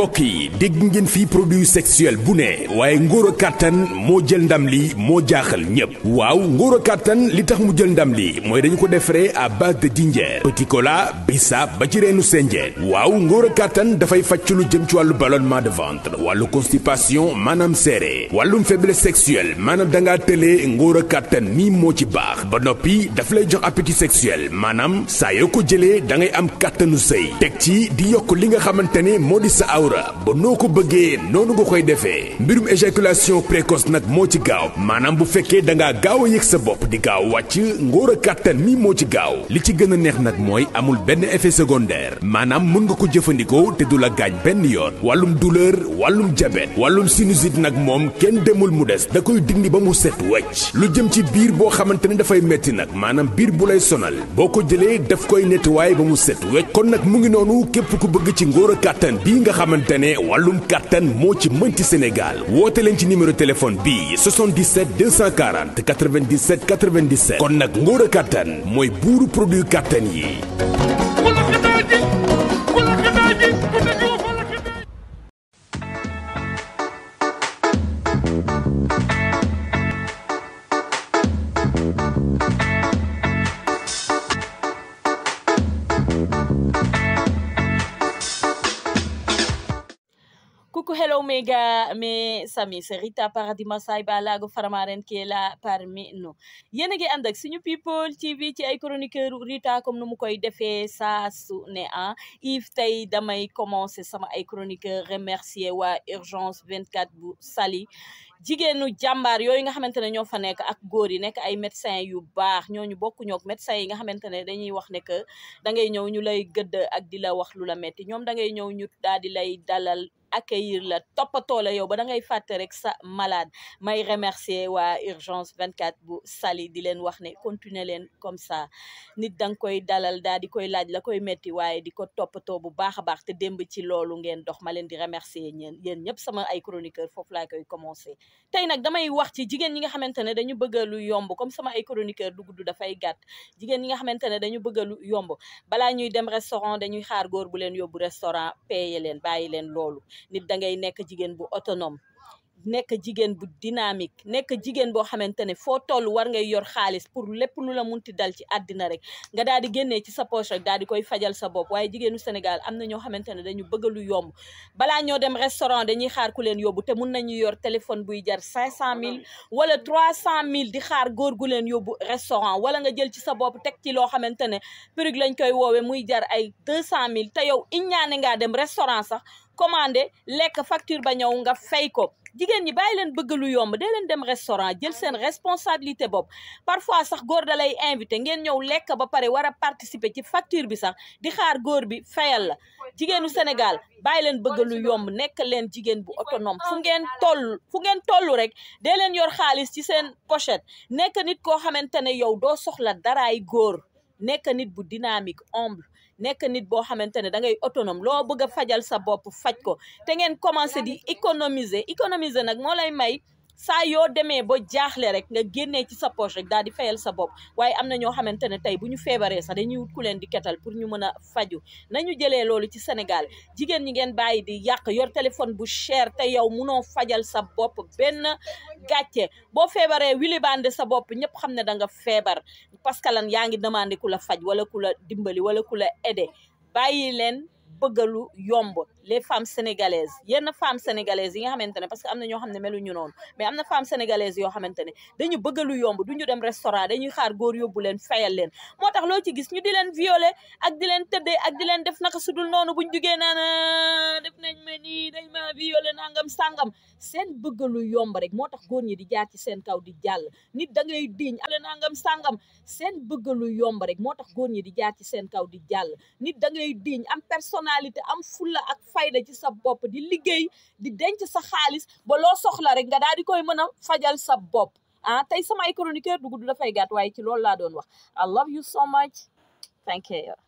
mbokk yi dégg ngeen fii produit sexuel bu ne waaye ngóor a kàttan moo jël ndam li moo jaaxal ñépp waaw ngóor a kàttan li tax mu jël ndam li mooy dañu ko defaree à base de dinjeer petit cola bisaab ba ci reenu senjeen waaw ngóor a kàttan dafay fàcc lu jëm ci wàllu ballonnement de ventre wàllu constipation maanaam seere wàllum faiblesse sexuelle maanaam dangaa tëlee ngóor a kàttan nii moo ci baax ba noppi dafa lay jox appétit sexuel maanaam saa yoo ko jëlee da ngay am kàttanu sëy awra ba noo ko bëggee noonu nga koy defee mbirum éjaculation précoce nag moo ci gaaw maanaam bu fekkee da ngaa gaaw a yëg sa bopp di gaaw wàcc ngóor a kàttan mi moo ci gaaw li ci gën a neex nag mooy amul benn effet secondaire maanaam mun nga ko jëfandikoo te du la gaañ benn yoon wàllum douleur wàllum diabète wàllum sinusite nag moom kenn demul mu des da koy dindi ba mu set wecc lu jëm ci biir boo xamante ne dafay metti nag maanaam biir bu lay sonal boo ko jëlee daf koy nettoyer ba mu set kon nag mu ngi noonu képp ku bëgg ci ngóor a kàttan xamante ne wàllum kàttan moo ci mënti Sénégal woote leen ci numéro téléphone bi 77 240 97 97 kon nag ngóor a kàttan mooy buuru produit kàttan yi Omega mais Samy c'est Rita Paradis Massay Balago Faramaren qui est là parmi nous yéen a ngi ànd ak suñu people TV ci ay chroniqueur Rita comme nu mu koy defee saa ne ah Yves tey damay commencer sama ay chroniqueur remercier waa Urgence 24 bu sali jigéenu jàmbaar yooyu nga xamante ne ñoo fa nekk ak góor yi nekk ay médecin yu baax ñooñu bokkuñoo ak médecin yi nga xamante ne dañuy wax ne que da ngay ñëw ñu lay gëdd ak di la wax lu la metti ñoom da ngay ñëw ñu daal di lay dalal accueillir la toppatoo la yow ba da ngay fàtte rek sa malade may remercier waa urgence 24 bu sali di leen wax ne continuer leen comme sa nit da nga koy dalal daal di koy laaj la koy metti waaye di ko toppatoo bu baax a baax te démb ci loolu ngeen dox ma leen di remercier ñeen yéen ñëpp sama ay chroniqueur foofu laa koy commencer tey nag damay wax ci jigéen ñi nga xamante ne dañu bëgg lu yomb comme sama ay chroniqueur du gudd dafay gàtt jigéen ñi nga xamante ne dañu bëgg lu yomb balaa ñuy dem restaurant dañuy xaar góor bu leen yóbbu restaurant paye leen bàyyi leen loolu nit da ngay nekk jigéen bu autonome nekk jigéen bu dynamique nekk jigéen boo xamante ne foo toll war ngay yor xaalis pour lépp lu la munti dal ci àddina rek nga daal di génnee ci sa poche rek daal di koy fajal sa bopp waaye jigéenu Sénégal am na ñoo xamante ne dañu bëgg lu yomb balaa ñoo dem restaurant dañuy xaar ku leen yóbbu te mun ñu yor téléphone buy jar cinq cent mille wala trois cent mille di xaar góor gu leen yóbbu restaurant wala nga jël ci sa bopp teg ci loo xamante ne prix lañ koy woowee muy jar ay deux cent mille te yow iññaane ngaa dem restaurant sax commandé lekk facture ba ñëw nga fay ko jigéen ñi bàyyi leen bëgg lu yomb dee leen dem restaurant jël seen responsabilité bopp parfois sax góor da lay invité ngeen ñëw lekk ba pare war a participer ci facture bi sax di xaar góor bi fayal la jigéenu Sénégal bàyyi leen bëgg lu yomb nekk leen jigéen bu autonome fu ngeen toll fu ngeen toll rek de leen yor xaalis ci seen pochette nekk nit koo xamante ne yow doo soxla daraay góor nekk nit bu dynamique humble nekk nit boo xamante ne da ngay autonome loo bëgg a fajal sa bopp faj ko te ngeen commencé di économiser économiser nag moo lay may saa yoo demee ba jaaxle rek nga génnee ci sa poche rek daal di fayal sa bopp waaye am na ñoo xamante ne tey bu ñu feebaree sax dañuy wut ku leen di ketal pour ñu mën a faju nañu jëlee loolu ci Sénégal jigéen ñi ngeen bàyyi di yàq yor téléphone bu cher te yow munoo fajal sa bopp benn gàcce boo feebaree wilibande sa bopp ñëpp xam ne da nga feebar parce que lan yaa ngi demande ku la faj wala ku la dimbali wala ku la aidé bàyyi leen bëgg lu yomb les femmes sénégalaises yenn femmes sénégalaises yi nga xamante parce que am na ñoo xam ne meluñu noonu mais am na femmes sénégalaises yoo xamante ne dañu bëgg lu yomb duñu dem restaurant dañuy xaar góor yóbbu leen fayal leen moo tax loo ci gis ñu di leen violer ak di leen tëddee ak di leen def naka sudul noonu buñ jugee naan ah, kii dañ ma violé nangam sàngam seen bëgg yomb rek moo tax góor ñi di jaar ci seen kaw di jàll nit da ngay diñ ale nangam sàngam seen bëgg lu yomb rek moo tax góor ñi di jaar ci seen kaw di jàll nit da ngay diñ am personnalité am fulla ak fayda ci sa bopp di liggéey di denc sa xaalis ba loo soxla rek nga daal di koy mën a fajal sa bopp ah tey samay chroniqueur du gudd dafay gaat waaye ci loolu laa doon wax I love you so much thank